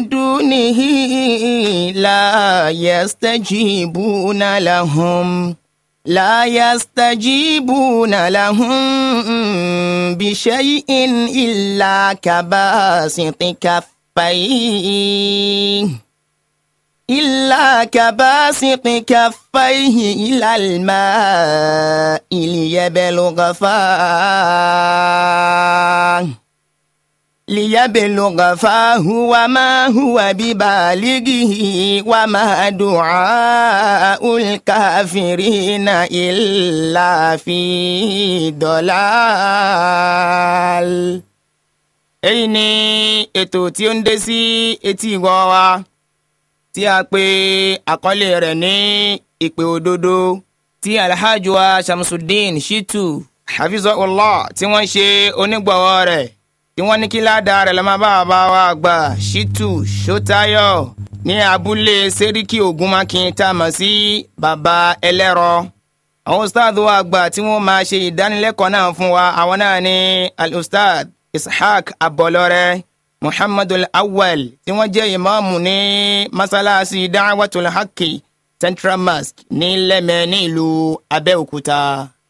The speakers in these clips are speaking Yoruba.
دونه لا يستجيبون لهم لا يستجيبون لهم بشيء إلا كباسط كفيه إلا كباسط كفيه إلى الماء ليبلغ فاه ليبلغ فهو ما هو ببالغه وما دعاء الكافرين إلا في ضلال èyí ni ètò tí ó ń dé sí etí ìwọ wa tí a pè àkọlé rẹ̀ ní ìpè òdodo tí alhaji wa shamsuddin shitu hafizahullah tí wọ́n ṣe onígbọ̀wọ́ rẹ̀ tí wọ́n ní kí ládàá rẹ̀ lọ́mọ bàbá wa àgbà ṣítù ṣótáyọ̀ ní abúlé sẹ́ríkì ògúnmákin tá a mọ̀ sí bàbá ẹlẹ́rọ àwọn ustaadu wa àgbà tí wọ́n máa ṣe ìdánilẹ́kọ̀ọ́ náà fún wa àwọn náà ní al ishaq abọlọrẹ muhammadu awal tí wọ́n jẹ́ ìmáàmù ní masalasi da'watul haqqi central mosque ní lẹ́mẹ̀ẹ́ ní ìlú abẹ́òkúta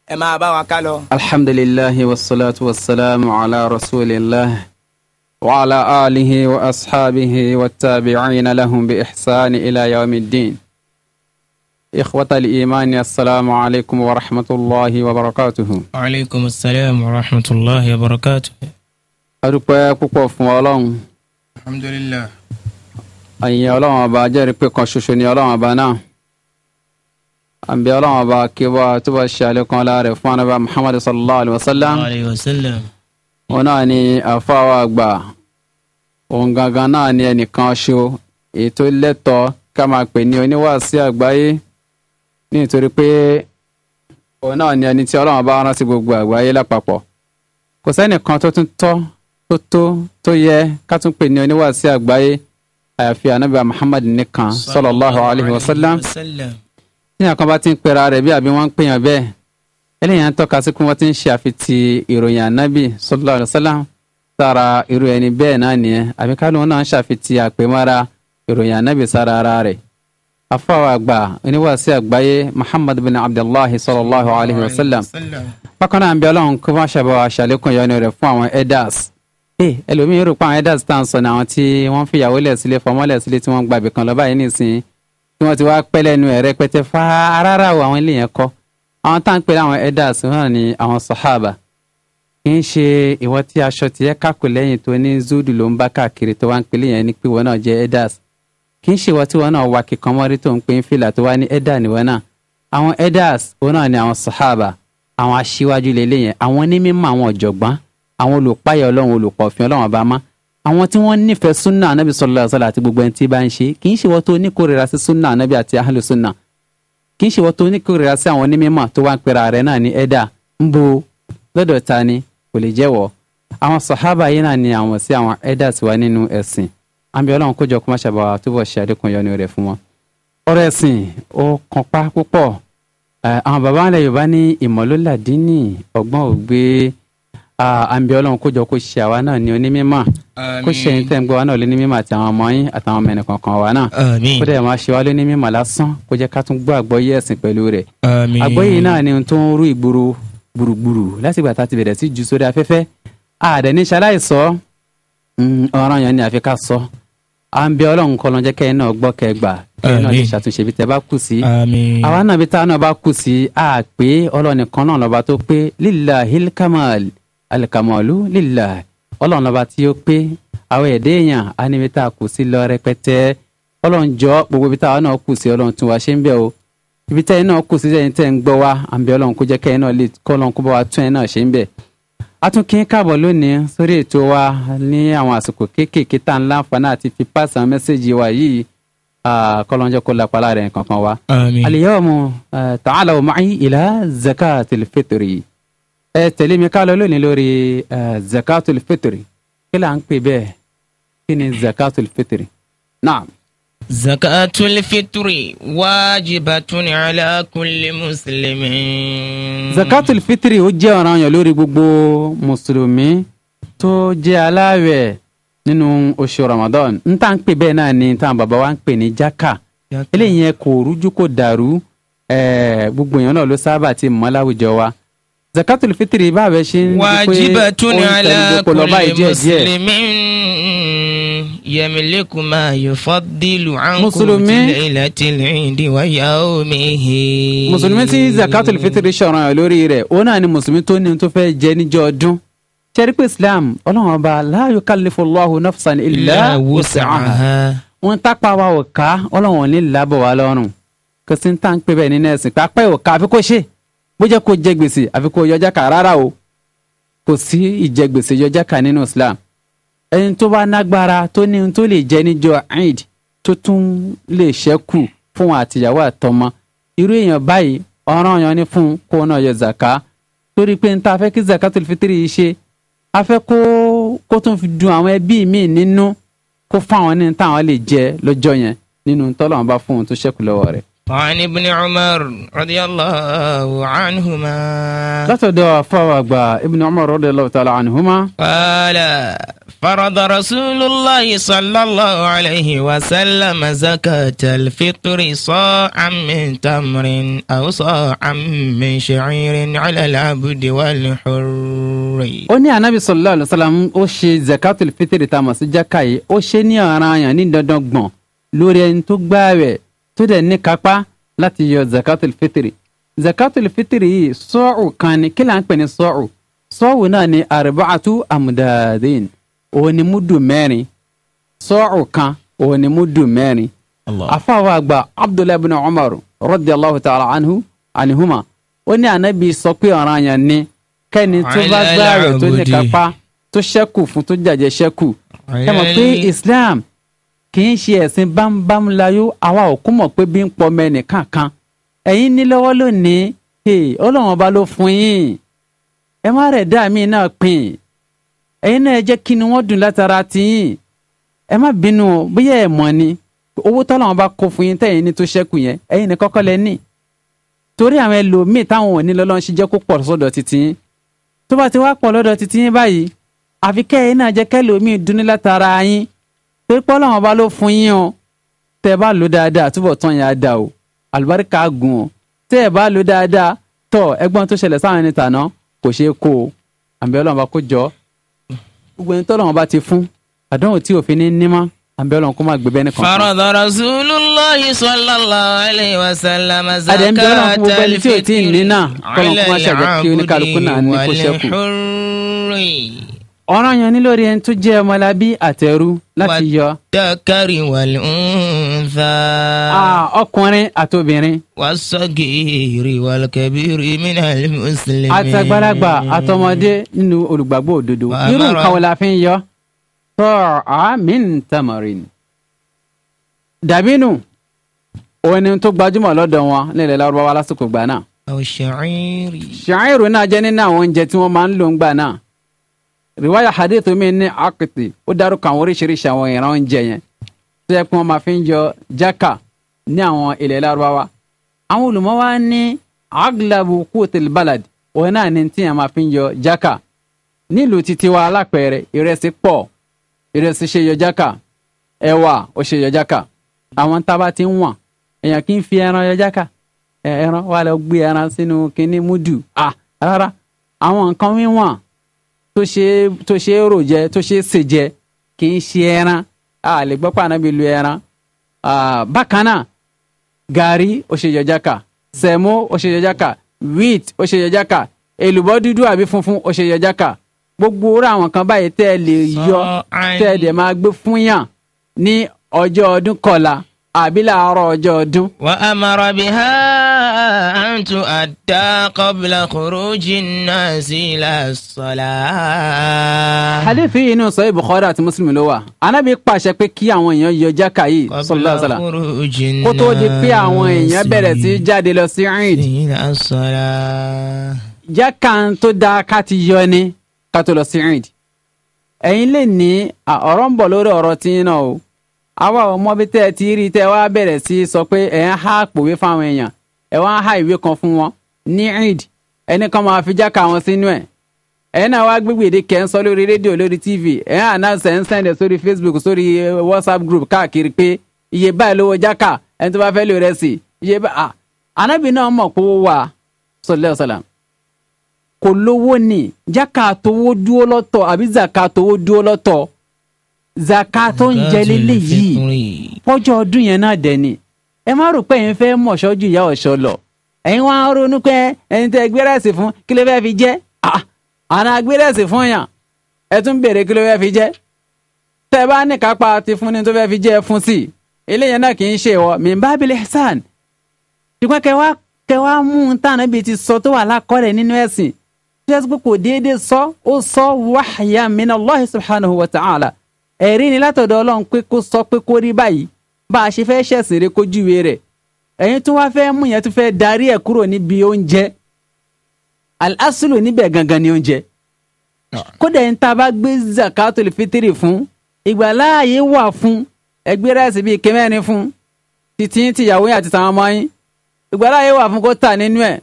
ẹ máa bá wa ká lọ. alhamdulilahi wasalaatu wasalaamu ala rasulillah wa ala alihi wa asxaabihi wa taabiciina lahum bi ixsaani ila yawmi diin. إخوة الإيمان السلام عليكم ورحمة الله وبركاته وعليكم السلام ورحمة الله وبركاته أدوكوا كوكو فمالون الحمد لله أن يولون أبا جاري كوكو يولون أبا àbí ọlọ́run ọba kíbọ̀ tó bá ṣe àlékún ọlá rẹ̀ fún anábà muhammad sallallahu alayhi wa sallam. òun náà ni àfáwà àgbà òun gangan náà ni ẹnìkan ṣo ètò lẹ́tọ̀ọ́ ká máa pè ní oníwàásí àgbáyé nítorí pé òun náà ni ẹni tí ọlọ́run ọba rán sí gbogbo àgbáyé lápapọ̀ kò sẹ́nìkan tó tún tọ́ tó tó tó yẹ ká tún pè ní oníwàásí àgbáyé àyàfi anábà muhammad nìkan sallallahu alayhi wa sallam tíyàn kan bá ti ń pera rẹ̀ bí àbí wọ́n ń pèyàn bẹ́ẹ̀ eléyàn ń sí pé wọ́n ti ń ṣe àfitì ìròyìn ànábì sallallahu alaihi wasallam sára irú ẹni bẹ́ẹ̀ náà nìyẹn àbí kálù náà ń ṣàfitì àpèmára ìròyìn ànábì sára ara rẹ̀ afáwọ̀ àgbà oníwàásí àgbáyé Muhammad bin Abdullahi sallallahu alaihi wasallam bákan náà ń bẹ ọlọ́run kó má ṣàbọ̀ àṣàlékún yọnu rẹ̀ fún àwọn edas eh, ẹlòmíràn rò pé àwọn edas tá à ń sọ ní àwọn tí wọ́n fìyàwó lẹ̀ sílé fọmọ́ lẹ̀ sílé tí wọ́n gbàgbé kan lọ báyìí nísìnyí tí wọ́n ti wá pẹ́ lẹ́nu ẹ̀ rẹpẹtẹ fa rárá o àwọn eléyẹn kọ́ àwọn tá à ń pè láwọn elders náà ni àwọn sahaba kì í ṣe ìwọ tí aṣọ ti yẹ kákò lẹ́yìn tó ní zúdù ló ń bá káàkiri tó wá ń pè léyìn ní pé wọn náà jẹ́ elders kì í ṣe ìwọ tí wọn náà wà kíkan mọ́rí tó ń pè ń fìlà tó wá ní ẹ̀dà níwọ náà àwọn elders òun náà ni àwọn sahaba àwọn aṣíwájú lélẹ́yìn àwọn onímọ̀ àwọn ọ̀jọ̀gbọ́n àwọn olùpáyà ọlọ́run olùpọ̀fin ọlọ́run ọba máa àwọn tí wọ́n nífẹ̀ẹ́ sunna anabi sallallahu alaihi àti gbogbo ẹni tí bá ń ṣe kì í ṣe wọ́n tó níkórira sí sunna anabi àti ahlu sunna kì í ṣe wọ́n tó níkórira sí àwọn tó wá ń pera náà ní ẹ̀dá ń bo lọ́dọ̀ ta ni kò lè àwọn sàhábà yìí náà ni àwọn sí àwọn nínú àmì kójọ kó má ṣe baba Yorùbá ní àǹbí ọlọ́run kó jọ kó ṣe àwa náà ní onímọ̀ kó ṣe ní tẹ́ǹgbọ́ wa náà lé ní mímọ̀ àtàwọn ọmọ yín àtàwọn ọmọ ẹnìkan kan wa náà kó dẹ̀ máa ṣe wá lé ní mímọ̀ lásán kó jẹ́ ká tún gbọ́ àgbọ́yé ẹ̀sìn pẹ̀lú rẹ̀ àgbọ́yé náà ni tó ń rú ìgboro gbùrùgbùrù láti ìgbà tá a ti bẹ̀rẹ̀ sí ju sórí afẹ́fẹ́ àdẹ̀ ní ṣaláìsọ mm, ọ̀ràn yẹn ni àfi ká sọ à ń bẹ ọlọ́run kọ́ lọ́n jẹ́ kẹ́yìn náà gbọ́ kẹgbà kẹ́yìn náà lè ṣàtúnṣe bí alikamalu lillah ọlọ́run lọ́ba tí ó pé àwọn ẹ̀dẹ́ èèyàn á níbi tá a kù sí lọ rẹpẹtẹ ọlọ́run jọ gbogbo ibi táwa náà kù sí ọlọ́run tún wá ṣe ń bẹ̀ o ibi tẹ́yìn náà kù sí ẹni tẹ́ ń gbọ́ wá àbí ọlọ́run kó jẹ́ kẹ́yìn náà lè kọ́ ọlọ́run kó bá wa tún ẹ náà ṣe ń bẹ̀. a tún kí ń káàbọ̀ lónìí sórí ètò wa ní àwọn àsìkò kéékèèké tá à ń láǹfààní àti fi páàsì àwọn mẹ́sẹ̀gì wa yìí kọ́lọ́njọ́ kó lápá láàrin kankan wa. àmín ẹ tẹ̀lé mi ká lọ lónìí lórí zakatul fitri kí là ń pè bẹ́ẹ̀ kí ni zakatul fitri naam. zakatul fitri wajibatun ala kulli muslimin. zakatul fitri ó jẹ́ ọ̀ranyàn lórí gbogbo mùsùlùmí tó jẹ́ aláwẹ̀ nínú oṣù ramadan n tá n pè bẹ́ẹ̀ náà ni táwọn bàbá wa ń pè ní jaka eléyìí yẹn kò rújú kò dàrú gbogbo èèyàn náà ló sábà ti mọ̀ láwùjọ wa zakatul fitiri bá a bẹ ṣe ń di pé wajibatun ala kulli muslimin yamliku ma yufaddilu an kutila ilatil indi wa yawmihi. mùsùlùmí tí zakatul fitiri ṣọ̀ràn lórí rẹ̀ ó náà ni mùsùlùmí tó ní tó fẹ́ jẹ níjọ́ ọdún sẹ́ríkù islam ọlọ́run ọba la yukallifu Allahu nafsan illa wus'aha wọn tápá wa ò ká ọlọ́run ò ní làbọ̀ wa lọ́rùn kò sí ní tá ń pè bẹ́ẹ̀ nínú ẹ̀sìn pápá ò bó jẹ́ kó jẹ gbèsè àfi kó yọjáka rárá o kò sí ìjẹgbèsè yọjáka nínú Islam ẹni tó bá nágbára tó ní tó lè jẹ níjọ Eid tó tún lè ṣẹ́kù fún àtìyàwó àtọmọ irú èèyàn báyìí ọ̀ràn yan ni fún kó náà yọ zaka torí pé n ta fẹ́ kí zakatul fitiri yìí ṣe a fẹ́ kó kó tún fi dun àwọn ẹbí mi nínú kó fáwọn ní táwọn lè jẹ lọ́jọ́ yẹn nínú tọ́lọ́wọ́n fún un tó ṣẹ́kù lọ́wọ́ rẹ̀. وعن ابن عمر رضي الله عنهما لتدى فوق ابن عمر رضي الله تعالى عنهما قال فرض رسول الله صلى الله عليه وسلم زكاة الفطر صاعا من تمر أو صاعا من شعير على العبد والحر ó ní anabi sallallahu alayhi wa sallam ó ṣe zakatul fitiri tá a mọ̀ sí jákàyè ó ṣe tó dẹ̀ ní kápá láti yọ zakatul fitiri zakatul fitiri yìí sọ́ọ̀rù kan ni kí là ń pè ní sọ́ọ̀rù sọ́ọ̀rù náà ni arba'atu amudadin òun ni múdù mẹ́rin sọ́ọ̀rù kan òun ni múdù mẹ́rin. afáwa àgbà abdullahi bin umar radiyallahu ta'ala anhu anihuma ó ní ànábì sọ pé ọ̀ràn yẹn ni kẹ́ni tó bá gbáàrẹ̀ tó ní kápá tó ṣẹ́kù fún tó jàjẹ́ ṣẹ́kù ẹ pé islam kì í ṣe ẹ̀sìn bámbám layó àwa ò kún mọ̀ pé bí ń pọmọ ẹnìkan kan ẹ̀yin ní lọ́wọ́ lónìí ọlọ́run ọba ló fún yín ẹ má rẹ̀ dá mi náà pin ẹ̀yin náà jẹ́ kí ni wọ́n dùn látara tiyín ẹ má bínú bóyá ẹ mọ̀ ni owó tọ́lọ́run bá kó fún yín tẹ̀yìn ní tó ṣẹ́kù yẹn ẹ̀yin ní kọ́kọ́ lẹ ní torí àwọn ẹlòmíì táwọn ò ní lọ́lọ́run ṣe jẹ́ kó pọ̀ sọ́dọ̀ titi yín tó bá ti wá pọ̀ lọ́dọ̀ titi yín báyìí àfikẹ́ ẹ̀yin náà jẹ́ kẹ́lòmíì dùn látara yín torí pé ọlọ́run ló fún yín o tẹ́ ẹ bá lò dáadáa àtúbọ̀ tán yẹn á dà o àlùbáríkà gùn o tẹ́ ẹ bá lò dáadáa tọ̀ ẹgbọ́n tó ṣẹlẹ̀ sáwọn ẹni tàná kò ṣeé kó o àbí ọlọ́run ọba kó jọ gbogbo ẹni tọ́lọ́run ọba ti fún àdánwò tí òfin ní nímọ́ àbí ọlọ́run kó má gbé bẹ́ẹ̀ nìkan. farada rasulullah sallallahu alayhi wa sallam zakata alfitri ala ọ̀ràn yẹn ní lórí ẹni tó jẹ́ ọmọlábí àtẹrú láti yọ. wàtàkàrí wàlẹ̀ ń fa. ọkùnrin àtobìnrin. wà á sọ́gìrì wàlùkẹ́bìrì mìíràn mùsùlùmí. àtàgbàlagbà àtọmọdé nínú olùgbàgbọ́ òdodo irú nǹkan wo la fi ń yọ. tọ́ àmín tamarin. dàbínú òun ni tó gbajúmọ̀ lọ́dọ̀ wọn nílẹ̀ lárúbáwá lásìkò gbà náà. ṣàìrì náà jẹ́ nínú àwọn oúnjẹ tí wọ́n máa ń lò ń gbà náà riwaya hadithu mi ní akiti ó dárúkọ àwọn oríṣiríṣi àwọn ìran oúnjẹ yẹn tó yẹ kí wọ́n máa fi ń jọ jákà ní àwọn ilẹ̀ lárúbáwá àwọn olùmọ̀ wa ní aglabu kútil balad òun náà ní tíyẹn máa fi ń jọ jákà nílùú títí wa alápẹ̀rẹ̀ ìrẹsì pọ̀ ìrẹsì ṣe yọ jákà ẹ̀wà ó ṣe yọ jákà àwọn tábà ti ń wọ̀n èèyàn kì í fi ẹran yọ jákà ẹran wà lọ gbé ẹran sínú kínní múdù ah rárá àwọn nǹkan wíwọ̀n tó ṣe tó ṣe rò jẹ tó ṣe é jẹ kì í ṣe ẹran a lè gbọ́ pé ànábì lu ẹran bákan náà gàrí ó ṣe jọjáka sẹ̀mó ó ṣe jọjáka wheat ó ṣe jọjáka èlùbọ́ dúdú àbí funfun ó ṣe jọjáka gbogbo orú àwọn kan báyìí tẹ́ ẹ lè yọ tẹ́ ẹ dẹ̀ máa gbé fún yàn ní ọjọ́ ọdún kọ̀la àbí làárọ̀ ọjọ́ ọdún. wà á mara bí ha àǹtù àdá kọ́bìlà kòrójì náà sí làṣọlá. hadithi inú sọ́yìn bukhari àti muslim ló wà anábì pàṣẹ pé kí àwọn èèyàn yọ jáka yìí sọlá sọlá kó tó di pé àwọn èèyàn bẹ̀rẹ̀ sí jáde lọ sí eid. jáka tó dáa ká yọ ni ká tó lọ sí eid. ẹ̀yin lè ní ọ̀rọ̀ ń bọ̀ lórí ọ̀rọ̀ tí ń náà o àwa ò mọ bí tẹ́ ẹ ti rí tẹ́ ẹ wá bẹ̀rẹ̀ sí í sọ pé ẹ̀ ń há àpòwé fáwọn èèyàn ẹ̀ wá ń há ìwé kan fún wọn ní eid ẹni kan máa fi jáka wọn sínú ẹ̀ ẹ̀yin náà wá gbígbèdé kẹ́ ń sọ lórí rédíò lórí tv ẹ̀ ń ànáṣẹ́ ń sẹ́ndẹ̀ sórí facebook sórí whatsapp group káàkiri pé iye báyìí lówó jáka ẹni tó bá fẹ́ lò rẹ̀ sí iye báyìí anábì náà mọ̀ pé ó wà sallallahu alaihi kò lówó ni jáka àtowó dúó lọ́tọ̀ àbí zàkà àtowó dúó lọ́tọ̀ zaka tó ń jẹ lélẹ̀ yìí pọ́jọ́ ọdún yẹn náà dẹ̀ ni ẹ má rò pé ẹ̀yin fẹ́ mọ̀ṣọ́ ju ìyá ọ̀ṣọ́ lọ ẹ̀yin wá ń ronú pé ẹni tẹ́ gbé rẹ̀sì fún kí ló fẹ́ fi jẹ́ àná gbé rẹ̀sì fún yàn ẹ tún béèrè kí ló fẹ́ fi jẹ́ tẹ́ bá ní kápá ti fún ni tó fẹ́ fi jẹ́ fún sí eléyẹn náà kì í ṣe ìwọ mi bá bilẹ̀ sàn ṣùgbọ́n kẹ wá mú un tàn níbi ti sọ tó wà lákọ́rẹ̀ nínú ẹ̀sìn tí déédéé sọ ó sọ wáhàyà min Allah subhanahu wa ta'ala ẹ̀rí ni látọ̀dọ̀ ọlọ́run pé kó sọ pé kó rí báyìí bá a ṣe fẹ́ ṣẹ̀sìn rẹ kójúwe rẹ̀ ẹ̀yin tún wáá fẹ́ mú yẹn tún fẹ́ darí ẹ̀ kúrò níbi oúnjẹ al-aslu níbẹ̀ gangan ni oúnjẹ ah. kódà ń ta bá gbé zakatul fitiri fún ìgbàláàyè wà fún ẹgbẹ́ ráìsì bíi kẹmẹ́rin fún títí tìyàwó yẹn àti tàwọn ọmọ yín ìgbàláàyè wà fún kó tà nínú ẹ̀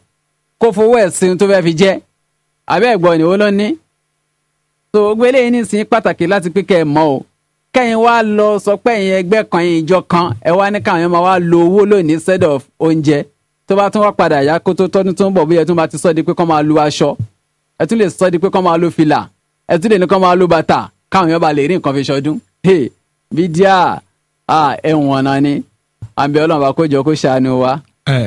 kó fowó ẹ̀sìn tó fẹ́ fi jẹ́ abẹ́ ẹ̀gbọ́n ni ló ní so gbogbo eléyìí nísìnyí pàtàkì láti pé kẹ́ ẹ mọ̀ o kẹ́yìn wá lọ sọ pé ẹ̀yin ẹgbẹ́ kan ẹ̀yin ìjọ kan ẹ wá ní káwọn máa wá lo owó lónìí instead of oúnjẹ tó bá tún wá padà yá kó tó tọ́dún tó ń bọ̀ bóyá ẹ tún bá ti sọ di pé kán máa lo aṣọ ẹ tún lè sọ di pé kán máa lo fìlà ẹ tún lè ní kán máa lo bàtà káwọn yóò bá lè rí nǹkan fi ṣọdún bídíà ẹ̀wọ̀n ọ̀nà ni àbí ọlọ́run bá kó jọ kó ṣàánú wa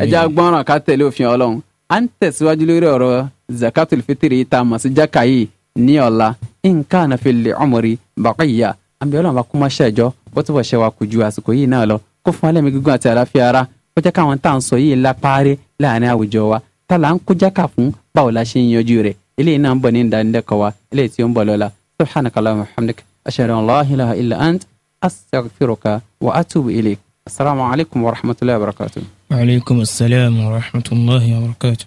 ẹ já gbọ́ràn ká tẹ̀lé òfin ọlọ́run à ń tẹ̀síwájú lórí ọ̀rọ̀ zakatul fitiri tá mọ̀ sí jákàyè ní ọ̀la nǹkan ànàfẹ́lẹ̀ ọmọrí bàkàyà àbí ọlọ́run bá kó má ṣẹ̀jọ́ kó túbọ̀ ṣe wa kù ju àsìkò yìí náà lọ kó fún alẹ́mi gígùn àti àlàáfíà ara kó jẹ́ káwọn tá à ń sọ yìí lápáárẹ́ láàrin àwùjọ wa tá là ń kó jákà fún báwo la ṣe ń yanjú rẹ̀ eléyìí náà ń bọ̀ ní ìdánilẹ́kọ̀ọ́ wa eléyìí tí ó ń bọ̀ lọ́la subhanakallahumma wa hamdik ashhadu ilaha illa ant astaghfiruka wa atubu ilayk assalamu wa rahmatullahi wa barakatuh. wa alaikum assalam wa rahmatullahi wa barakatuh.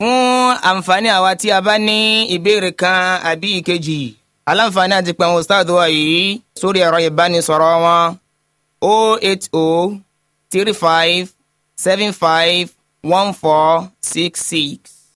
fún àǹfààní àwa tí a bá ní ìbéèrè kan àbí ìkejì aláǹfààní àti pẹ̀wọ̀n ustaad yìí sórí ẹ̀rọ ìbánisọ̀rọ̀ wọn o oh eight o oh three five seven five one four six six.